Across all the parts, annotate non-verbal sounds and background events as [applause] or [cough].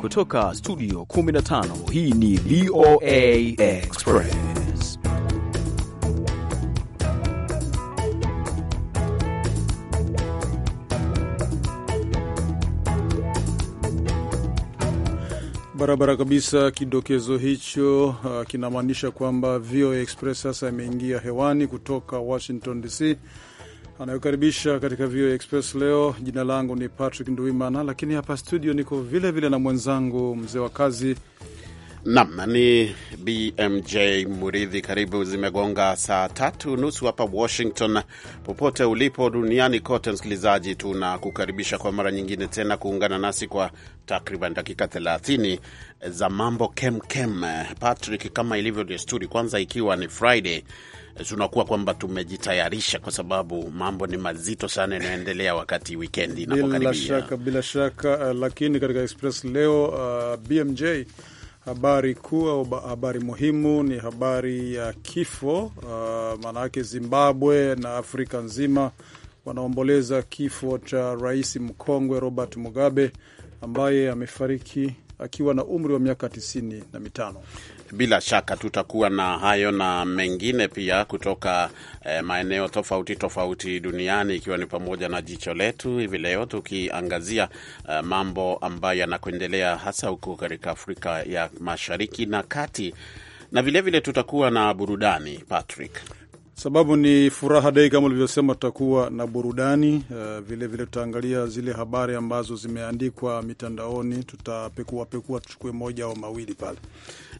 Kutoka studio 15 hii ni VOA Express. Barabara kabisa. Kidokezo hicho uh, kinamaanisha kwamba VOA Express sasa imeingia hewani kutoka Washington DC anayokaribisha katika VOA Express leo. Jina langu ni Patrick Nduimana, lakini hapa studio niko vilevile vile na mwenzangu mzee wa kazi nam ni BMJ Muridhi. Karibu, zimegonga saa tatu nusu hapa Washington. Popote ulipo duniani kote, msikilizaji, kukaribisha kwa mara nyingine tena kuungana nasi kwa takriban dakika 30 za mambo kemkem kem. Patrick, kama ilivyo desturi, kwanza ikiwa ni Friday tunakuwa kwamba tumejitayarisha kwa sababu mambo ni mazito sana yanayoendelea wakati wikendi inapokaribia. Bila shaka, bila shaka. Uh, lakini katika Express leo uh, BMJ habari kuu au habari muhimu ni habari ya kifo uh, maanayake Zimbabwe na Afrika nzima wanaomboleza kifo cha rais mkongwe Robert Mugabe ambaye amefariki akiwa na umri wa miaka tisini na mitano. Bila shaka tutakuwa na hayo na mengine pia kutoka eh, maeneo tofauti tofauti duniani ikiwa ni pamoja na jicho letu hivi leo tukiangazia eh, mambo ambayo yanakuendelea hasa huko katika Afrika ya Mashariki na Kati, na vilevile vile tutakuwa na burudani Patrick. Sababu ni furaha dei, kama ulivyosema, tutakuwa na burudani vilevile. Eh, uh, vile tutaangalia zile habari ambazo zimeandikwa mitandaoni, tutapekuapekua tuchukue moja au mawili pale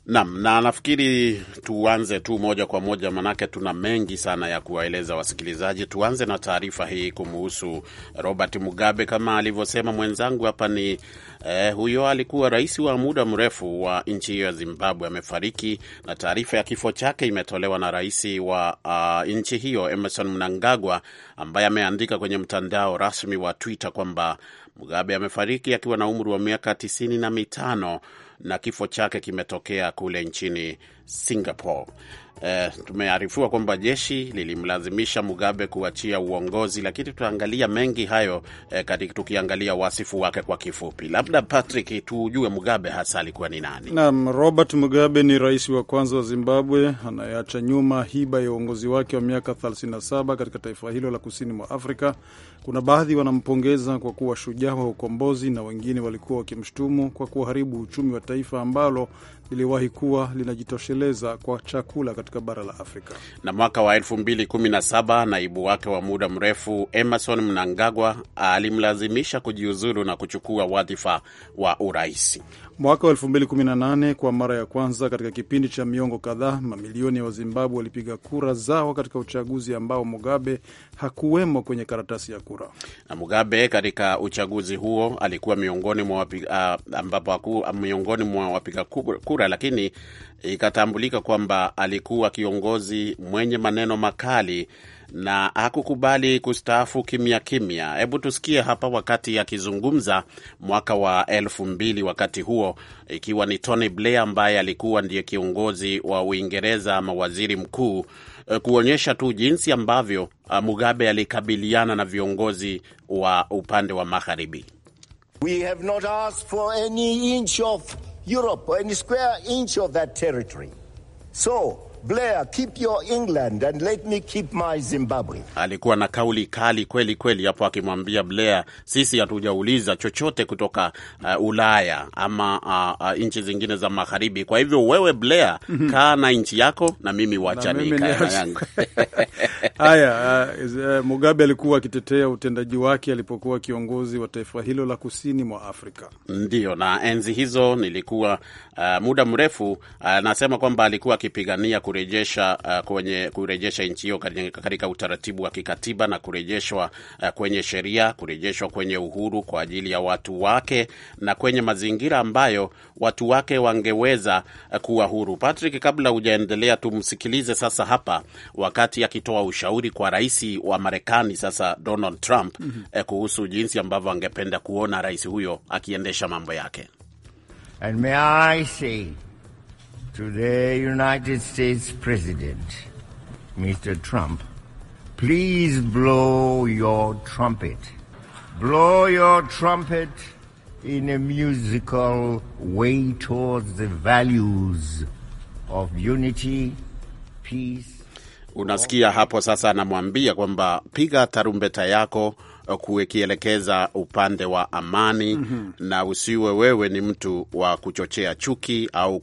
Naam, na nafikiri tuanze tu moja kwa moja, manake tuna mengi sana ya kuwaeleza wasikilizaji. Tuanze na taarifa hii kumuhusu Robert Mugabe. Kama alivyosema mwenzangu hapa ni eh, huyo alikuwa rais wa muda mrefu wa nchi hiyo ya Zimbabwe, amefariki, na taarifa ya kifo chake imetolewa na rais wa uh, nchi hiyo Emerson Mnangagwa, ambaye ameandika kwenye mtandao rasmi wa Twitter kwamba Mugabe amefariki akiwa na umri wa miaka tisini na mitano na kifo chake kimetokea kule nchini Singapore eh, tumearifiwa kwamba jeshi lilimlazimisha Mugabe kuachia uongozi, lakini tutaangalia mengi hayo eh, katika tukiangalia wasifu wake kwa kifupi. Labda Patrick, tujue Mugabe hasa alikuwa ni nani? Naam, Robert Mugabe ni rais wa kwanza wa Zimbabwe anayeacha nyuma hiba ya uongozi wake wa miaka 37 katika taifa hilo la kusini mwa Afrika. Kuna baadhi wanampongeza kwa kuwa shujaa wa ukombozi na wengine walikuwa wakimshutumu kwa kuharibu uchumi wa taifa ambalo liliwahi kuwa linajitosheleza kwa chakula katika bara la Afrika. Na mwaka wa 2017 naibu wake wa muda mrefu Emerson Mnangagwa alimlazimisha kujiuzulu na kuchukua wadhifa wa urahisi Mwaka wa 2018 kwa mara ya kwanza katika kipindi cha miongo kadhaa, mamilioni ya Wazimbabwe walipiga kura zao katika uchaguzi ambao Mugabe hakuwemo kwenye karatasi ya kura. Na Mugabe katika uchaguzi huo alikuwa miongoni mwa wapiga ah, ambapo miongoni mwa wapiga kura, lakini ikatambulika kwamba alikuwa kiongozi mwenye maneno makali na hakukubali kustaafu kimya kimya. Hebu tusikie hapa wakati akizungumza mwaka wa elfu mbili, wakati huo ikiwa ni Tony Blair ambaye alikuwa ndiye kiongozi wa Uingereza ama waziri mkuu, eh, kuonyesha tu jinsi ambavyo eh, Mugabe alikabiliana na viongozi wa upande wa magharibi. We have not asked for any inch of Europe any square inch of that territory. So Blair, keep your England and let me keep my Zimbabwe. Alikuwa na kauli kali kweli kweli hapo akimwambia Blair, sisi hatujauliza chochote kutoka uh, Ulaya ama uh, uh, nchi zingine za magharibi. Kwa hivyo wewe Blair, mm -hmm. kaa na nchi yako na mimi wachani kaa yangu. [laughs] Haya, uh, uh, Mugabe alikuwa akitetea utendaji wake alipokuwa kiongozi wa taifa hilo la kusini mwa Afrika. Ndio, na enzi hizo nilikuwa uh, muda mrefu uh, nasema kwamba alikuwa akipigania kurejesha uh, kwenye kurejesha nchi hiyo katika utaratibu wa kikatiba na kurejeshwa uh, kwenye sheria, kurejeshwa kwenye uhuru kwa ajili ya watu wake na kwenye mazingira ambayo watu wake wangeweza uh, kuwa huru. Patrick, kabla hujaendelea, tumsikilize sasa hapa wakati akitoa ushauri kwa rais wa Marekani sasa Donald Trump mm -hmm. uh, kuhusu jinsi ambavyo angependa kuona rais huyo akiendesha mambo yake. And may I To the United States President, Mr. Trump, please blow your trumpet. Blow your trumpet in a musical way towards the values of unity, peace. Unasikia hapo sasa, anamwambia kwamba piga tarumbeta yako Uh, kukielekeza upande wa amani mm -hmm. na usiwe wewe ni mtu wa kuchochea chuki au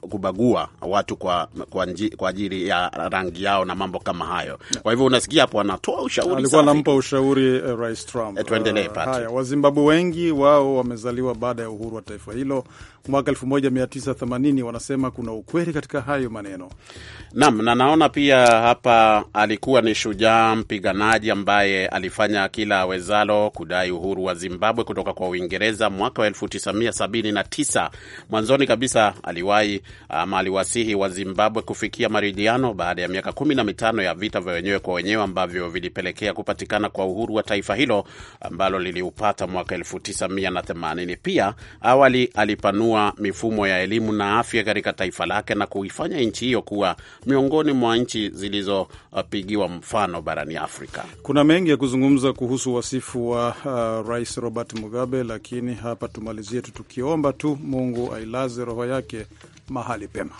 kubagua watu kwa, kwa, nji, kwa ajili ya rangi yao na mambo kama hayo. Kwa hivyo unasikia hapo anatoa ushauri, alikuwa anampa ushauri eh, Rais Trump. Eh, tuendelee. Uh, haya Wazimbabwe wengi wao wamezaliwa baada ya uhuru wa taifa hilo mwaka 1980 wanasema kuna ukweli katika hayo maneno. Naam, na naona pia hapa alikuwa ni shujaa mpiganaji ambaye alifanya kila awezalo kudai uhuru wa Zimbabwe kutoka kwa Uingereza mwaka wa 1979. Mwanzoni kabisa aliwahi ama aliwasihi wa Zimbabwe kufikia maridhiano baada ya miaka kumi na mitano ya vita vya wenyewe kwa wenyewe ambavyo vilipelekea kupatikana kwa uhuru wa taifa hilo ambalo liliupata mwaka 1980. Pia awali alipanua kuinua mifumo ya elimu na afya katika taifa lake na kuifanya nchi hiyo kuwa miongoni mwa nchi zilizopigiwa mfano barani Afrika. Kuna mengi ya kuzungumza kuhusu wasifu wa uh, Rais Robert Mugabe, lakini hapa tumalizie tu tukiomba tu Mungu ailaze roho yake mahali pema.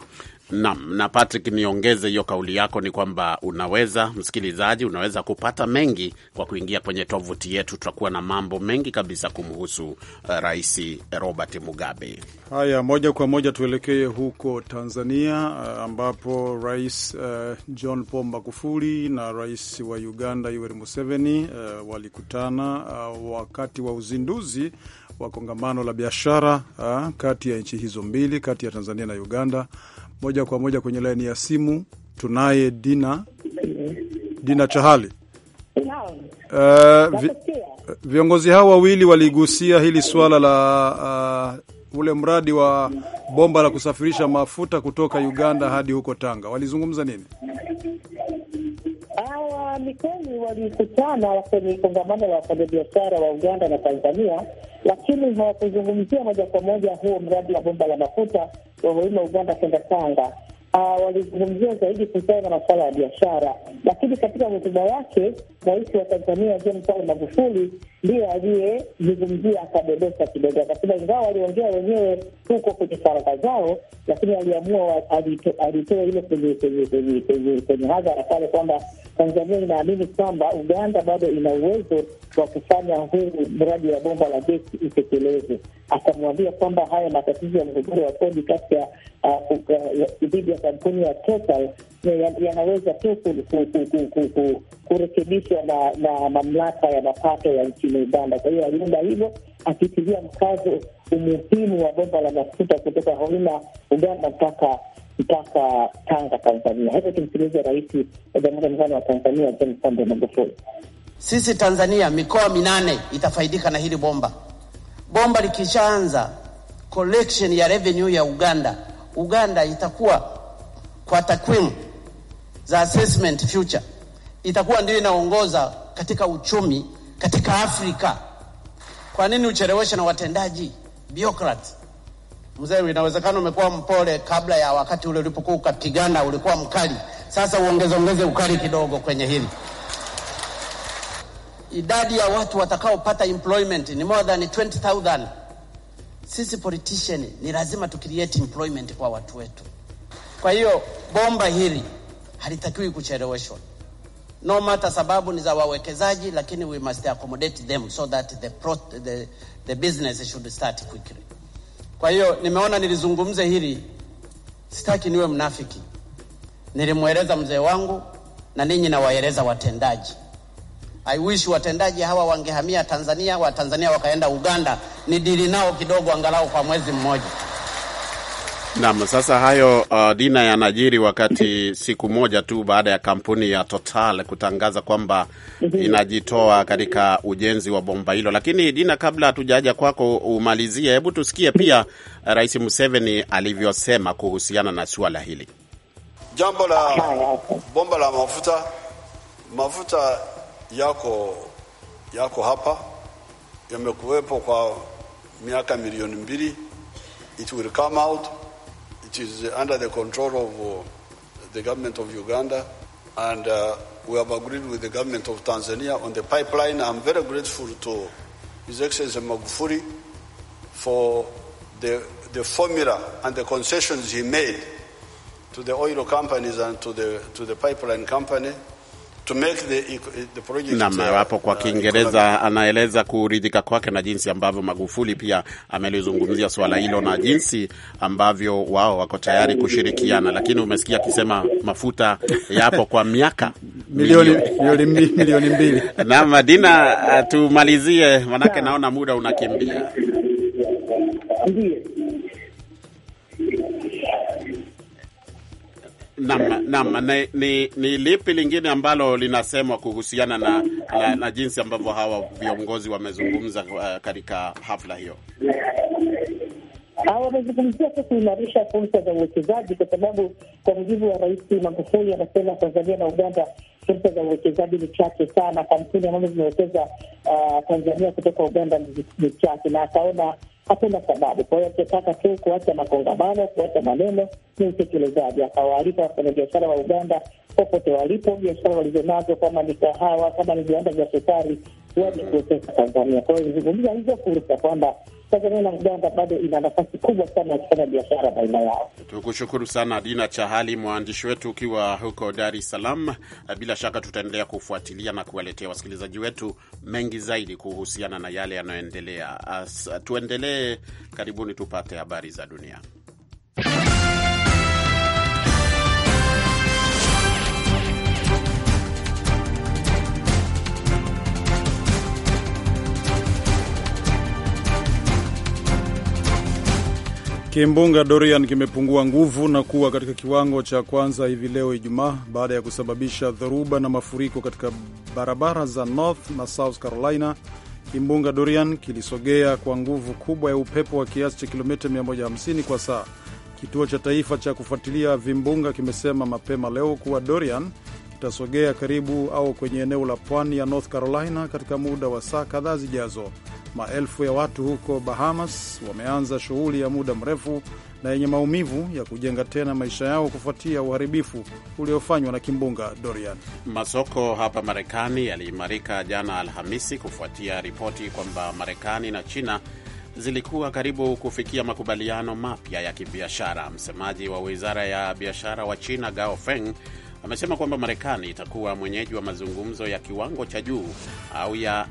Naam, na Patrick, niongeze hiyo kauli yako, ni kwamba unaweza msikilizaji, unaweza kupata mengi kwa kuingia kwenye tovuti yetu. Tutakuwa na mambo mengi kabisa kumhusu uh, Rais Robert Mugabe. Haya, moja kwa moja tuelekee huko Tanzania, uh, ambapo Rais uh, John Paul Magufuli na Rais wa Uganda Yoweri Museveni uh, walikutana uh, wakati wa uzinduzi wa kongamano la biashara uh, kati ya nchi hizo mbili, kati ya Tanzania na Uganda moja kwa moja kwenye laini ya simu tunaye Dina, Dina Chahali. Uh, vi, viongozi hao wawili waligusia hili suala la uh, ule mradi wa bomba la kusafirisha mafuta kutoka Uganda hadi huko Tanga. Walizungumza nini? Hawa ni kweli walikutana kwenye kongamano la wafanyabiashara wa Uganda na Tanzania, lakini hawakuzungumzia moja kwa moja huo mradi wa bomba la mafuta wa Mulima Uganda kwenda Tanga. Uh, walizungumzia zaidi kuhusiana na masuala ya biashara, lakini katika hotuba yake Rais wa Tanzania John Paul Magufuli ndiye aliyezungumzia akadodosa kidogo, akasema ingawa waliongea wenyewe huko kwenye faragha zao, lakini aliamua alitoa hilo kwenye hadhara pale kwamba Tanzania inaamini kwamba Uganda bado ina uwezo wa kufanya huu mradi wa bomba la gesi utekelezwe. Akamwambia kwamba haya matatizo ya mgogoro wa kodi kati ya uh, uh, dhidi ya kampuni ya Total yanaweza tu kurekebishwa kushughulikia na, na mamlaka ya mapato ya nchini Uganda. Kwa hiyo aliunda hivyo akitilia mkazo umuhimu wa bomba la mafuta kutoka Hoima Uganda mpaka mpaka Tanga Tanzania. Hivyo tumsikilize Rais wa Jamhuri ya Muungano wa Tanzania John Pombe Magufuli. Sisi Tanzania mikoa minane itafaidika na hili bomba. Bomba likishaanza collection ya revenue ya Uganda, Uganda itakuwa kwa takwimu za assessment future itakuwa ndio inaongoza katika uchumi katika Afrika. Kwa nini ucheleweshe na watendaji bureaucrat? Mzee, inawezekana umekuwa mpole kabla ya wakati ule ulipokuwa ukapigana, ulikuwa mkali. Sasa uongeze ongeze ukali kidogo kwenye hili. Idadi ya watu watakaopata employment ni more than 20,000. Sisi politician ni lazima tucreate employment kwa watu wetu. Kwa hiyo bomba hili halitakiwi kucheleweshwa. No matter sababu ni za wawekezaji, lakini we must accommodate them so that the, pro, the, the business should start quickly. Kwa hiyo nimeona nilizungumze hili, sitaki niwe mnafiki. Nilimweleza mzee wangu na ninyi nawaeleza watendaji. I wish watendaji hawa wangehamia Tanzania, Watanzania wakaenda Uganda, ni dili nao kidogo angalau kwa mwezi mmoja. Naam, sasa hayo uh, Dina yanajiri wakati [laughs] siku moja tu baada ya kampuni ya Total kutangaza kwamba mhm. inajitoa katika ujenzi wa bomba hilo. Lakini Dina, kabla hatujaja kwako umalizie, hebu tusikie pia mhm. Rais Museveni alivyosema kuhusiana na suala hili. Jambo la ah, bomba la mafuta, mafuta yako yako hapa, yamekuwepo kwa miaka milioni mbili. It will come out It is under the control of uh, the government of Uganda, and uh, we have agreed with the government of Tanzania on the pipeline. I'm very grateful to His Excellency Magufuli for the, the formula and the concessions he made to the oil companies and to the, to the pipeline company Nam hapo kwa uh, Kiingereza anaeleza kuridhika kwake na jinsi ambavyo Magufuli pia amelizungumzia swala hilo na jinsi ambavyo wao wako tayari kushirikiana, lakini umesikia akisema mafuta yapo kwa miaka milioni milioni mbili. [laughs] Naam, Dina, uh, tumalizie manake naona muda unakimbia. Ndiyo. Naam, ni, ni, ni lipi lingine ambalo linasemwa kuhusiana na, na, na jinsi ambavyo hawa viongozi wamezungumza uh, katika hafla hiyo? Wamezungumzia tu kuimarisha fursa za uwekezaji, kwa sababu kwa mujibu wa Rais Magufuli anasema Tanzania na Uganda fursa za uwekezaji ni chache sana. Kampuni ambazo zimewekeza uh, Tanzania kutoka Uganda ni chache, na akaona hakuna sababu. Kwa hiyo alichotaka tu kuacha makongamano, kuacha maneno ni utekelezaji. Akawaalika wafanyabiashara wa Uganda popote walipo, biashara walizonazo, kama ni kahawa, kama ni viwanda vya sukari, waje kuwekeza Tanzania. Kwa hiyo ilizungumza hizo fursa kwamba Tanzania na Uganda bado ina nafasi kubwa sana ya kufanya biashara baina yao. Tukushukuru sana Dina Chahali, mwandishi wetu ukiwa huko Dar es Salaam. Bila shaka tutaendelea kufuatilia na kuwaletea wasikilizaji wetu mengi zaidi kuhusiana na yale yanayoendelea. Tuendelee, karibuni tupate habari za dunia. Kimbunga Dorian kimepungua nguvu na kuwa katika kiwango cha kwanza hivi leo Ijumaa, baada ya kusababisha dhoruba na mafuriko katika barabara za North na South Carolina. Kimbunga Dorian kilisogea kwa nguvu kubwa ya upepo wa kiasi cha kilomita 150 kwa saa. Kituo cha taifa cha kufuatilia vimbunga kimesema mapema leo kuwa Dorian kitasogea karibu au kwenye eneo la pwani ya North Carolina katika muda wa saa kadhaa zijazo. Maelfu ya watu huko Bahamas wameanza shughuli ya muda mrefu na yenye maumivu ya kujenga tena maisha yao kufuatia uharibifu uliofanywa na kimbunga Dorian. Masoko hapa Marekani yaliimarika jana Alhamisi kufuatia ripoti kwamba Marekani na China zilikuwa karibu kufikia makubaliano mapya ya kibiashara. Msemaji wa wizara ya biashara wa China Gao Feng amesema kwamba Marekani itakuwa mwenyeji wa mazungumzo ya kiwango cha juu au ya,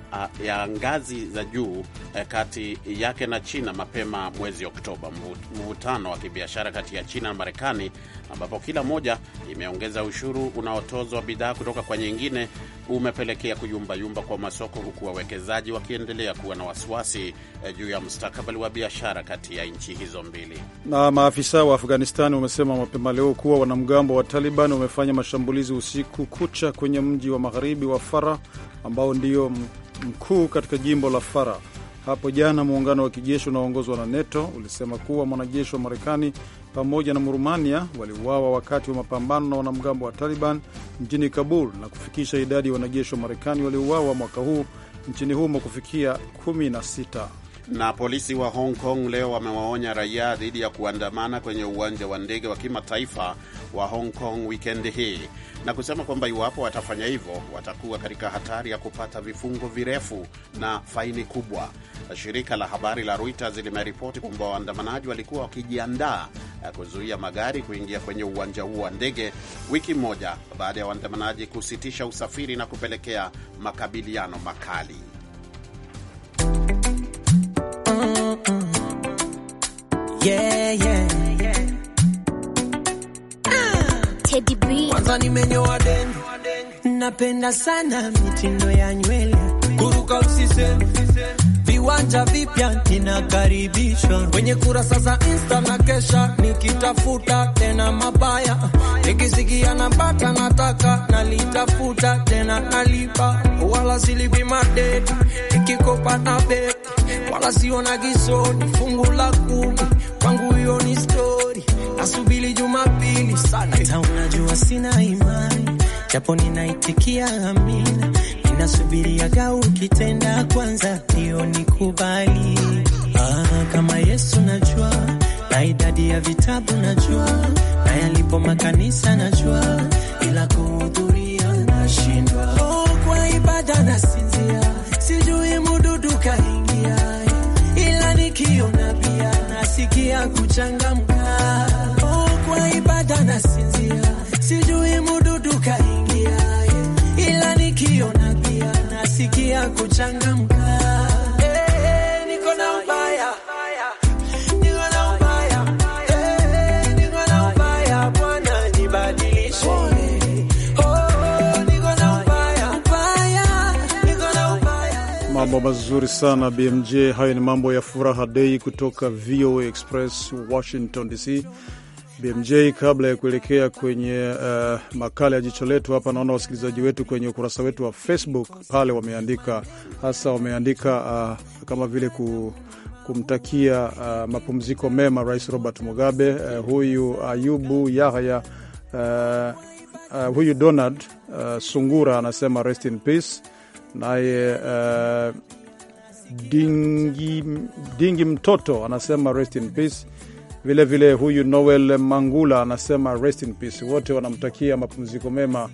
ya ngazi za juu eh, kati yake na China mapema mwezi Oktoba, mvutano wa kibiashara kati ya China na Marekani ambapo kila moja imeongeza ushuru unaotozwa bidhaa kutoka kwa nyingine umepelekea kuyumbayumba kwa masoko huku wawekezaji wakiendelea kuwa na wasiwasi eh, juu ya mustakabali wa biashara kati ya nchi hizo mbili. Na maafisa wa Afghanistani wamesema mapema leo kuwa wanamgambo wa Taliban wamefanya mashambulizi usiku kucha kwenye mji wa magharibi wa Fara ambao ndio mkuu katika jimbo la Fara. Hapo jana muungano wa kijeshi unaoongozwa na NATO ulisema kuwa mwanajeshi wa Marekani pamoja na Murumania waliuawa wakati wa mapambano na wanamgambo wa Taliban mjini Kabul na kufikisha idadi ya wanajeshi wa Marekani waliouawa mwaka huu nchini humo kufikia 16. Na polisi wa Hong Kong leo wamewaonya raia dhidi ya kuandamana kwenye uwanja wa ndege wa kimataifa wa Hong Kong wikendi hii na kusema kwamba iwapo watafanya hivyo watakuwa katika hatari ya kupata vifungo virefu na faini kubwa. Shirika la habari la Reuters limeripoti kwamba waandamanaji walikuwa wakijiandaa eh, kuzuia magari kuingia kwenye uwanja huo wa ndege wiki moja baada ya waandamanaji kusitisha usafiri na kupelekea makabiliano makali. Yeah, yeah. Teddy B. Kwanza nimenyoa deni, napenda sana mitindo ya nywele, kuruka usiseme, viwanja vipya ninakaribishwa kwenye kurasa za Insta na kesha nikitafuta tena mabaya, nikisikia napata nataka nalitafuta tena nalipa, wala silipi madeni, nikikopa na bet, wala siona gisoni, fungu la kumi kwangu hiyo ni story sina imani, japo ninaitikia amina, ninasubiria gau kitenda kwanza ndio nikubali. Ah, kama Yesu najua, na idadi ya vitabu najua, na yalipo makanisa najua, ila kuhudhuria nashindwa. Oh, kwa ibada nasinzia, sijui mududu kaingia, ila nikiona pia nasikia kuchangamka Eh, eh, oh, oh, mambo mazuri sana BMJ. Hayo ni mambo ya furaha dei kutoka VOA Express, Washington DC. BMJ, kabla ya kuelekea kwenye uh, makala ya jicho letu hapa, naona wasikilizaji wetu kwenye ukurasa wetu wa Facebook pale wameandika hasa, wameandika uh, kama vile ku kumtakia uh, mapumziko mema Rais Robert Mugabe. Uh, huyu Ayubu Yahya uh, uh, huyu Donald uh, Sungura anasema rest in peace. Naye uh, dingi, dingi mtoto anasema rest in peace. Vilevile vile huyu Noel Mangula anasema rest in peace. Wote wanamtakia mapumziko mema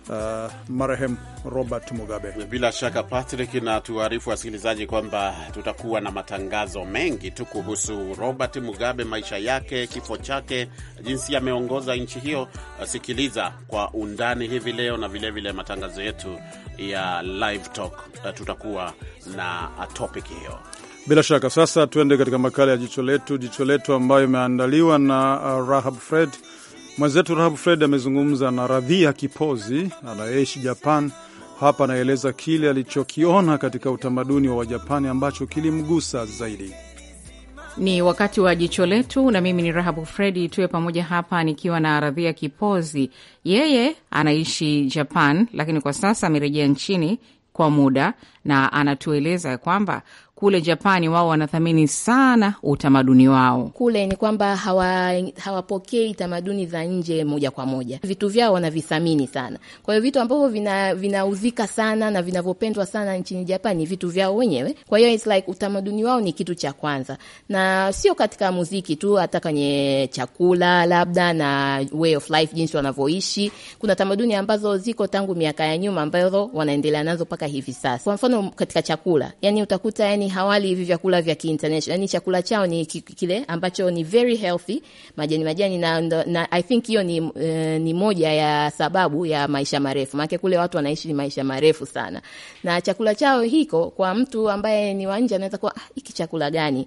Uh, marehemu Robert Mugabe. Bila shaka Patrick, na tuarifu wasikilizaji kwamba tutakuwa na matangazo mengi tu kuhusu Robert Mugabe, maisha yake, kifo chake, jinsi ameongoza nchi hiyo. Sikiliza kwa undani hivi leo na vilevile vile matangazo yetu ya live talk, tutakuwa na topic hiyo. Bila shaka sasa tuende katika makala ya jicho letu, jicho letu ambayo imeandaliwa na uh, Rahab Fred. Mwenzetu Rahab Fred amezungumza na Radhia Kipozi anayeishi Japan. Hapa anaeleza kile alichokiona katika utamaduni wa Wajapani ambacho kilimgusa zaidi. Ni wakati wa jicho letu, na mimi ni Rahabu Fredi. Tuwe pamoja hapa nikiwa na Radhia Kipozi. Yeye anaishi Japan, lakini kwa sasa amerejea nchini kwa muda, na anatueleza kwamba kule Japani wao wanathamini sana utamaduni wao. Kule ni kwamba hawa hawapokei tamaduni za nje moja kwa moja, vitu vyao wanavithamini sana. Kwa hiyo vitu ambavyo vinauzika vina sana na vinavyopendwa sana nchini Japani vitu vyao wenyewe. Kwa hiyo it's like utamaduni wao ni kitu cha kwanza, na sio katika muziki tu, hata kwenye chakula labda na way of life, jinsi wanavyoishi. Kuna tamaduni ambazo ziko tangu miaka ya nyuma ambazo wanaendelea nazo mpaka hivi sasa. Kwa mfano katika chakula, yani utakuta yani hawali hivi vyakula vya kiinternational, yani chakula chao ni kile ambacho ni very healthy, majani majani na, na I think hiyo ni, uh, ni moja ya sababu ya maisha marefu, maana kule watu wanaishi maisha marefu sana, na chakula chao hiko kwa mtu ambaye ni wa nje anaweza kuwa ah, hiki chakula gani?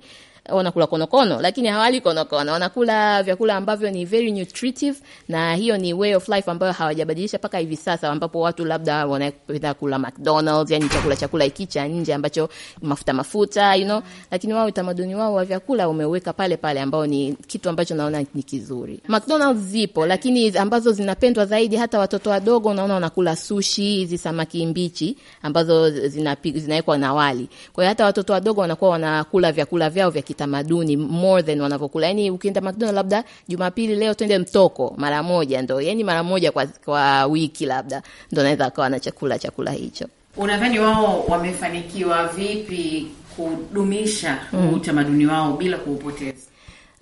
wanakula konokono, lakini hawali konokono, wanakula vyakula ambavyo ni very nutritive, na hiyo ni way of life ambayo hawajabadilisha mpaka hivi sasa, ambapo watu labda wanapenda kula McDonald's, yani chakula chakula hiki cha nje ambacho mafuta mafuta, you know, lakini wao utamaduni wao wa vyakula umeweka pale pale, ambao ni kitu ambacho naona ni kizuri. McDonald's zipo, lakini ambazo zinapendwa zaidi, hata watoto wadogo unaona wanakula sushi, hizi samaki mbichi ambazo zinawekwa na wali. Kwa hiyo hata watoto wadogo wanakuwa wanakula vyakula vyao vya kitamaduni more than wanavyokula. Yani ukienda McDonald labda Jumapili, leo twende mtoko mara moja, ndo yani mara moja kwa, kwa wiki labda ndo naweza akawa na chakula chakula hicho. Unadhani wao wamefanikiwa vipi kudumisha mm. utamaduni wao bila kuupoteza?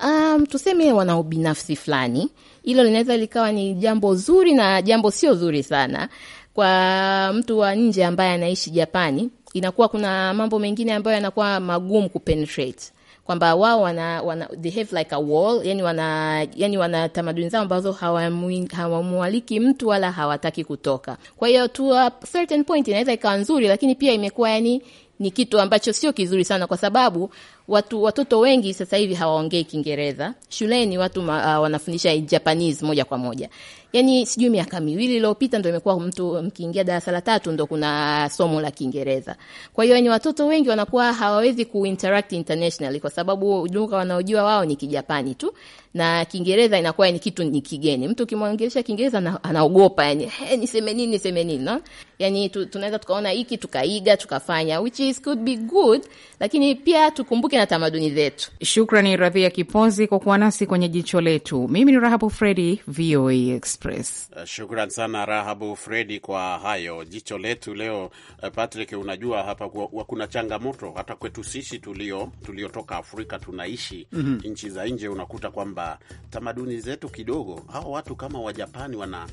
Um, tuseme wana ubinafsi fulani, hilo linaweza likawa ni jambo zuri na jambo sio zuri sana kwa mtu wa nje ambaye anaishi Japani. Inakuwa kuna mambo mengine ambayo yanakuwa magumu kupenetrate kwamba wao wana, wana they have like a wall, yani wana yani wana tamaduni zao ambazo hawamwaliki mtu wala hawataki kutoka. Kwa hiyo to a certain point inaweza ikawa nzuri, lakini pia imekuwa yani ni kitu ambacho sio kizuri sana, kwa sababu watu watoto wengi sasa hivi hawaongei Kiingereza shuleni, watu ma, uh, wanafundisha Japanese moja kwa moja yani sijui miaka miwili iliyopita ndo imekuwa mtu mkiingia darasa la tatu ndo kuna somo la Kiingereza. Kwa hiyo yani watoto wengi wanakuwa hawawezi kuinteract internationally kwa sababu lugha wanaojua wao ni Kijapani tu na Kiingereza inakuwa ni kitu ni kigeni. Mtu ukimwongelesha Kiingereza anaogopa yani, hey, niseme nini niseme nini no? Yani tu, tunaweza tukaona hiki tukaiga tukafanya which is could be good, lakini pia tukumbuke na tamaduni zetu. Shukrani Radhia Kiponzi kwa kuwa nasi kwenye jicho letu. Mimi ni Rahabu Fredi, VOA Express. Eh, shukran sana Rahabu Fredi kwa hayo jicho letu leo. Eh, Patrick, unajua hapa kuna changamoto hata kwetu sisi tulio tuliotoka Afrika tunaishi mm -hmm. nchi za nje, unakuta kwamba tamaduni zetu kidogo, hawa watu kama Wajapani wana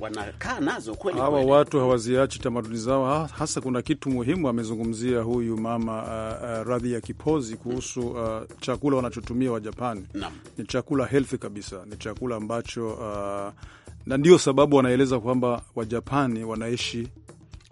wanakaa nazo kweli kweli. Hawa watu hawaziachi tamaduni zao, hasa kuna kitu muhimu amezungumzia huyu mama uh, eh, uh, radhi ya Kipozi kuhusu uh, chakula wanachotumia Wajapani. Ni chakula healthy kabisa, ni chakula ambacho uh, na ndio sababu wanaeleza kwamba Wajapani wanaishi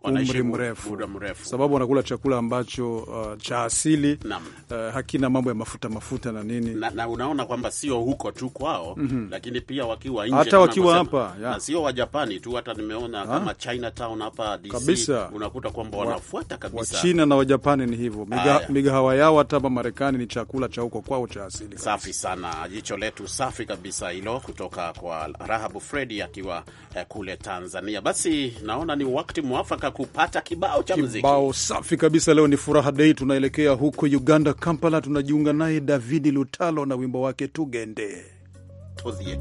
umri mrefu, mrefu, sababu wanakula chakula ambacho uh, cha asili uh, hakina mambo ya mafuta mafuta na nini na, na unaona kwamba sio huko tu kwao mm -hmm. Lakini pia wakiwa nje hata wakiwa hapa yeah. Na sio wa Japani tu, hata nimeona kama Chinatown hapa DC kabisa. Unakuta kwamba wanafuata kabisa wa China na Wajapani ni hivyo miga, migahawa yao hata hapa Marekani ni chakula cha huko kwao cha asili kabisa. Safi sana, jicho letu safi kabisa hilo kutoka kwa Rahabu Fredi akiwa eh, kule Tanzania. Basi naona ni wakati mwafaka unataka kupata kibao cha muziki. Kibao safi kabisa. Leo ni furaha dei, tunaelekea huko Uganda, Kampala. Tunajiunga naye David Lutalo na wimbo wake Tugende. Tuzie.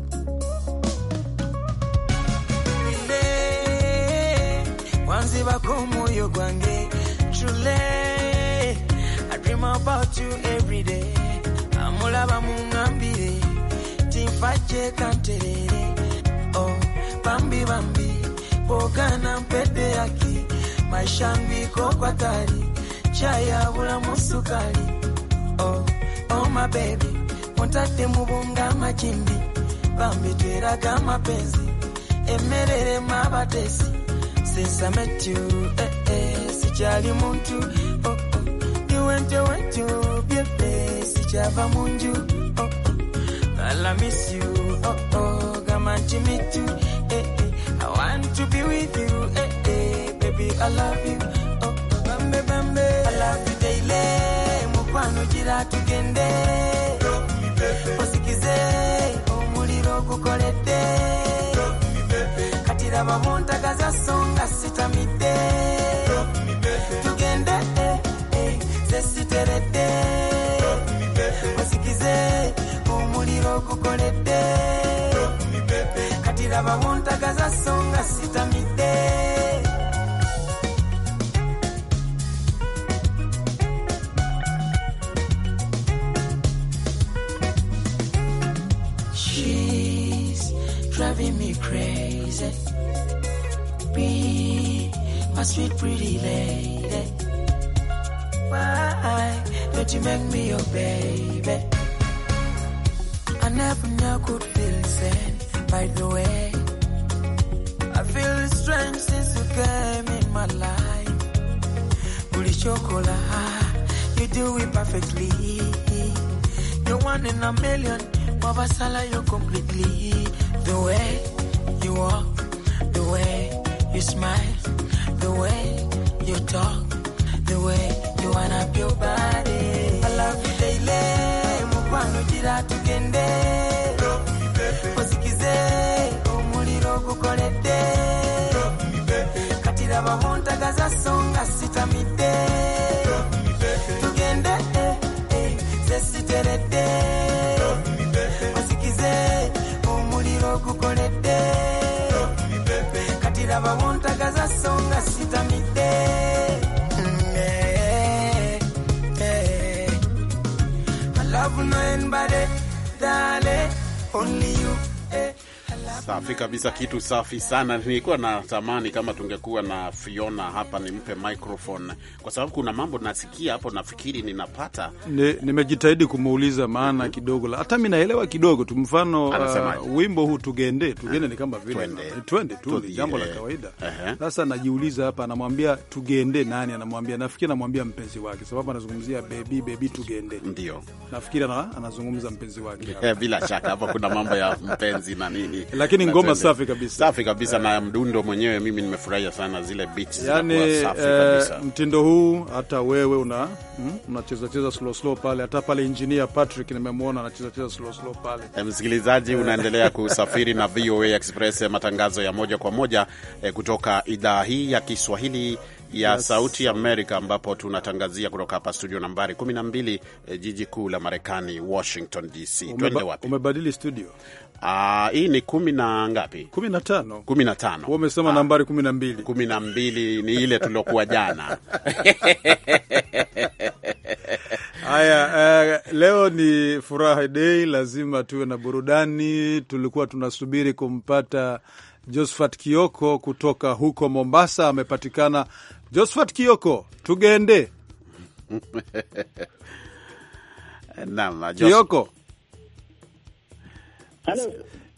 Oh, bambi bambi mboga na mpete yaki maisha yangu iko kwa tari chai ya bula musukari oh, oh my baby kontate mubunga machindi bambitweraga mapenzi emerere mabatesi since I met you eh, eh, sichali muntu oh, oh, niwente wetu bebe sichava munju oh, oh, I miss you oh, oh, gamanti mitu oh, to be with you. Hey, eh, eh, hey, baby, I love you. Oh, bambe, bambe. I love you daily. Mukwano jira tugende. Love me, baby. Osikize, omuliro gukolete. Love me, baby. Kati laba muntagaza songa sitamidde. Love me, baby. Tugende, eh, eh, ze siterete. Love me, baby. Osikize, omuliro gukolete ndaba wontagaza so sitamidde driving me crazy. Be my sweet pretty lady. Why don't you make me your baby? I never know could feel sad by the way. I feel the strength since you came in my life. Bully chocolate, you do it perfectly. You're one in a million, Baba Sala, you completely. The way you walk, the way you smile, the way you talk, the way you wind up your body. I love you daily, Mupano Jira Tukende ozikize omuliro ogukoledde kati muntagaza so sitamidde tugende eh, eh, ze siteredde omuliro muntagaza eh, darling only you. Safi kabisa, kitu safi sana. Nilikuwa na tamani kama tungekuwa na Fiona hapa nimpe microphone, kwa sababu kuna mambo nasikia hapo, nafikiri ninapata. Nimejitahidi ni kumuuliza maana mm -hmm. kidogo hata mi naelewa kidogo tu, mfano uh, wimbo huu tugende tugende ni kama vile twende twende tu, ni jambo la kawaida. Sasa uh -huh. najiuliza hapa, anamwambia tugende nani? Anamwambia nafikiri anamwambia mpenzi wake, sababu anazungumzia bebi bebi, tugende. Ndio nafikiri anazungumza mpenzi wake eh, bila shaka hapa kuna mambo ya mpenzi na nini lakini lakini ngoma safi kabisa, safi kabisa eh. na mdundo mwenyewe mimi nimefurahia sana zile beats yani, safi kabisa. Eh, mtindo huu hata wewe una mm, unacheza cheza slow slow pale, hata pale engineer Patrick nimemwona anacheza cheza slow slow pale. E, msikilizaji unaendelea [laughs] kusafiri na VOA Express, matangazo ya moja kwa moja eh, kutoka idhaa hii ya Kiswahili ya yes, Sauti ya Amerika ambapo tunatangazia kutoka hapa studio nambari 12 eh, jiji kuu la Marekani, Washington DC. Twende wapi? Umebadili studio. Uh, hii ni kumi na ngapi? kumi na tano. Kumi na tano. Wamesema ah. nambari kumi na mbili. Kumi na mbili ni ile tuliokuwa jana. Haya, [laughs] uh, eh, leo ni furaha dei, lazima tuwe na burudani. Tulikuwa tunasubiri kumpata Josephat Kioko kutoka huko Mombasa, amepatikana Josphat Kioko, tugende [laughs] Kioko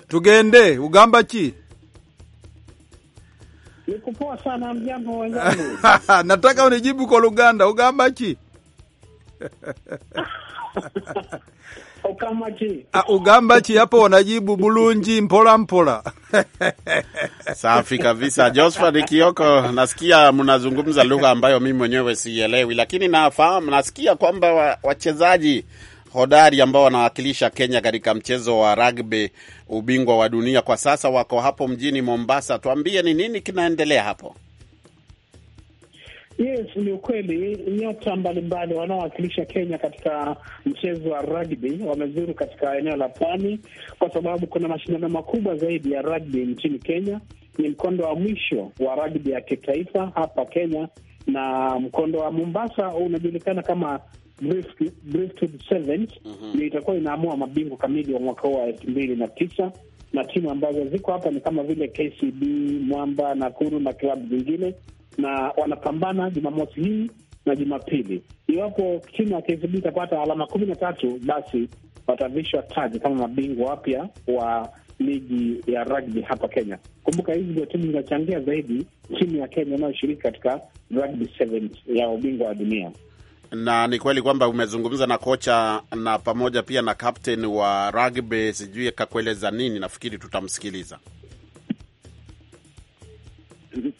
tugende ugamba chi sana mjambo wenzangu [laughs] nataka unijibu kwa Luganda ugamba chi [laughs] ah, ugamba chi hapo wanajibu bulunji mpola mpola Safi kabisa, Josphat Kioko, nasikia mnazungumza lugha ambayo mimi mwenyewe sielewi lakini nafahamu, nasikia kwamba wachezaji hodari ambao wanawakilisha Kenya katika mchezo wa rugby ubingwa wa dunia kwa sasa wako hapo mjini Mombasa. Tuambie ni nini kinaendelea hapo? Yes, ni ukweli. Nyota mbalimbali wanaowakilisha Kenya katika mchezo wa rugby wamezuru katika eneo la pwani, kwa sababu kuna mashindano makubwa zaidi ya rugby nchini Kenya. Ni mkondo wa mwisho wa rugby ya kitaifa hapa Kenya, na mkondo wa Mombasa unajulikana kama Brentwood Sevens. Mhm. Ndio itakuwa inaamua mabingwa kamili wa mwaka huu wa elfu mbili na tisa na timu ambazo ziko hapa ni kama vile KCB, Mwamba, Nakuru na klabu zingine na wanapambana Jumamosi hii na Jumapili. Iwapo ya KCB itapata alama kumi na tatu, basi watavishwa taji kama mabingwa wapya wa ligi ya rugby hapa Kenya. Kumbuka hizi ndio timu zinachangia zaidi timu ya Kenya inayoshiriki katika rugby sevens ya ubingwa wa dunia. Na ni kweli kwamba umezungumza na kocha na pamoja pia na captain wa rugby, sijui akakueleza nini. Nafikiri tutamsikiliza mm-hmm.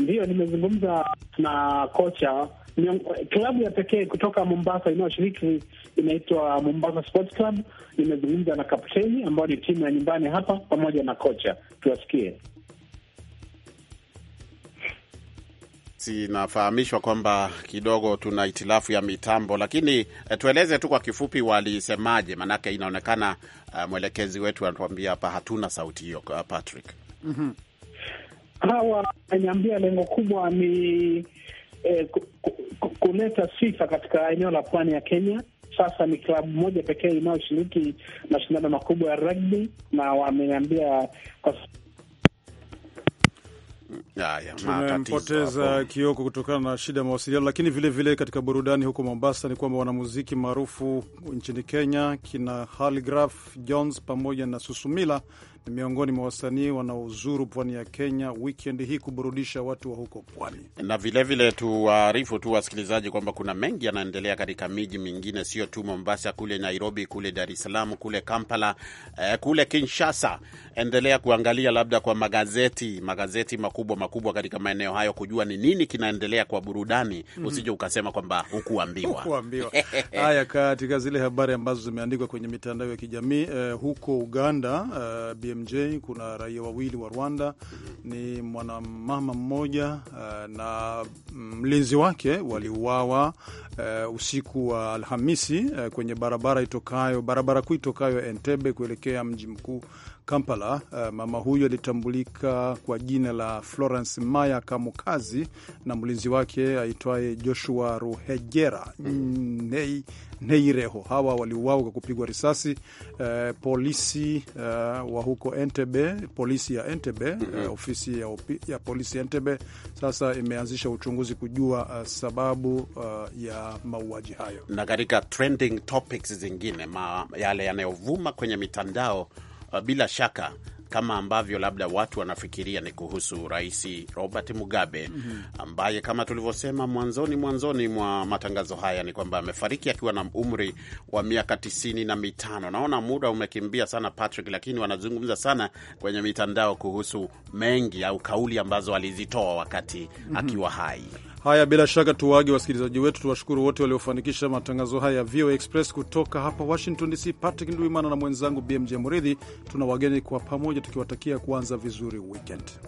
Ndiyo, nimezungumza na kocha. Klabu ya pekee kutoka Mombasa inayoshiriki inaitwa Mombasa Sports Club. Nimezungumza na kapteni ambayo ni timu ya nyumbani hapa pamoja na kocha, tuwasikie. Sinafahamishwa kwamba kidogo tuna hitilafu ya mitambo, lakini eh, tueleze tu kwa kifupi walisemaje, maanake inaonekana uh, mwelekezi wetu anatuambia hapa hatuna sauti hiyo, Patrick. mm -hmm hawa ameniambia lengo kubwa ni eh, kuleta sifa katika eneo la pwani ya Kenya. Sasa ni klabu moja pekee inayoshiriki mashindano makubwa ya rugby, na wameniambia kwa tumempoteza Kioko kutokana na shida ya mawasiliano, lakini vilevile vile katika burudani huko Mombasa ni kwamba wanamuziki maarufu nchini Kenya kina Haligraph Jones pamoja na Susumila ni miongoni mwa wasanii wanaozuru pwani ya Kenya wikendi hii kuburudisha watu wa huko pwani. Na vilevile tuwaarifu tu wasikilizaji kwamba kuna mengi yanaendelea katika miji mingine, sio tu Mombasa, kule Nairobi, kule Dar es Salaam, kule Kampala, eh, kule Kinshasa. Endelea kuangalia labda kwa magazeti magazeti makubwa makubwa katika maeneo hayo kujua ni nini kinaendelea kwa burudani. mm -hmm. Usije ukasema kwamba hukuambiwa [laughs] Haya, katika zile habari ambazo zimeandikwa kwenye mitandao ya kijamii eh, huko Uganda eh, BMJ kuna raia wawili wa Rwanda, ni mwanamama mmoja uh, na mlinzi wake waliuawa uh, usiku wa Alhamisi uh, kwenye barabara itokayo barabara kuu itokayo Entebbe kuelekea mji mkuu Kampala. Eh, mama huyu alitambulika kwa jina la Florence Maya Kamukazi na mlinzi wake aitwaye Joshua Ruhejera mm. Nei, Neireho. Hawa waliuawa kwa kupigwa risasi eh, polisi eh, wa huko Entebbe, polisi ya Entebbe mm -hmm. ofisi ya, opi, ya polisi ya Entebbe sasa imeanzisha uchunguzi kujua uh, sababu uh, ya mauaji hayo. Na katika trending topics zingine ma, yale yanayovuma kwenye mitandao Uh, bila shaka kama ambavyo labda watu wanafikiria ni kuhusu Rais Robert Mugabe mhm. ambaye kama tulivyosema mwanzoni mwanzoni mwa matangazo haya ni kwamba amefariki akiwa na umri wa miaka tisini na mitano. Naona muda umekimbia sana Patrick, lakini wanazungumza sana kwenye mitandao kuhusu mengi au kauli ambazo alizitoa wakati mhm. akiwa hai. Haya, bila shaka tuwaage wasikilizaji wetu, tuwashukuru wote waliofanikisha matangazo haya ya VOA Express kutoka hapa Washington DC. Patrick Nduimana na mwenzangu BMJ Muridhi tuna wageni kwa pamoja, tukiwatakia kuanza vizuri weekend.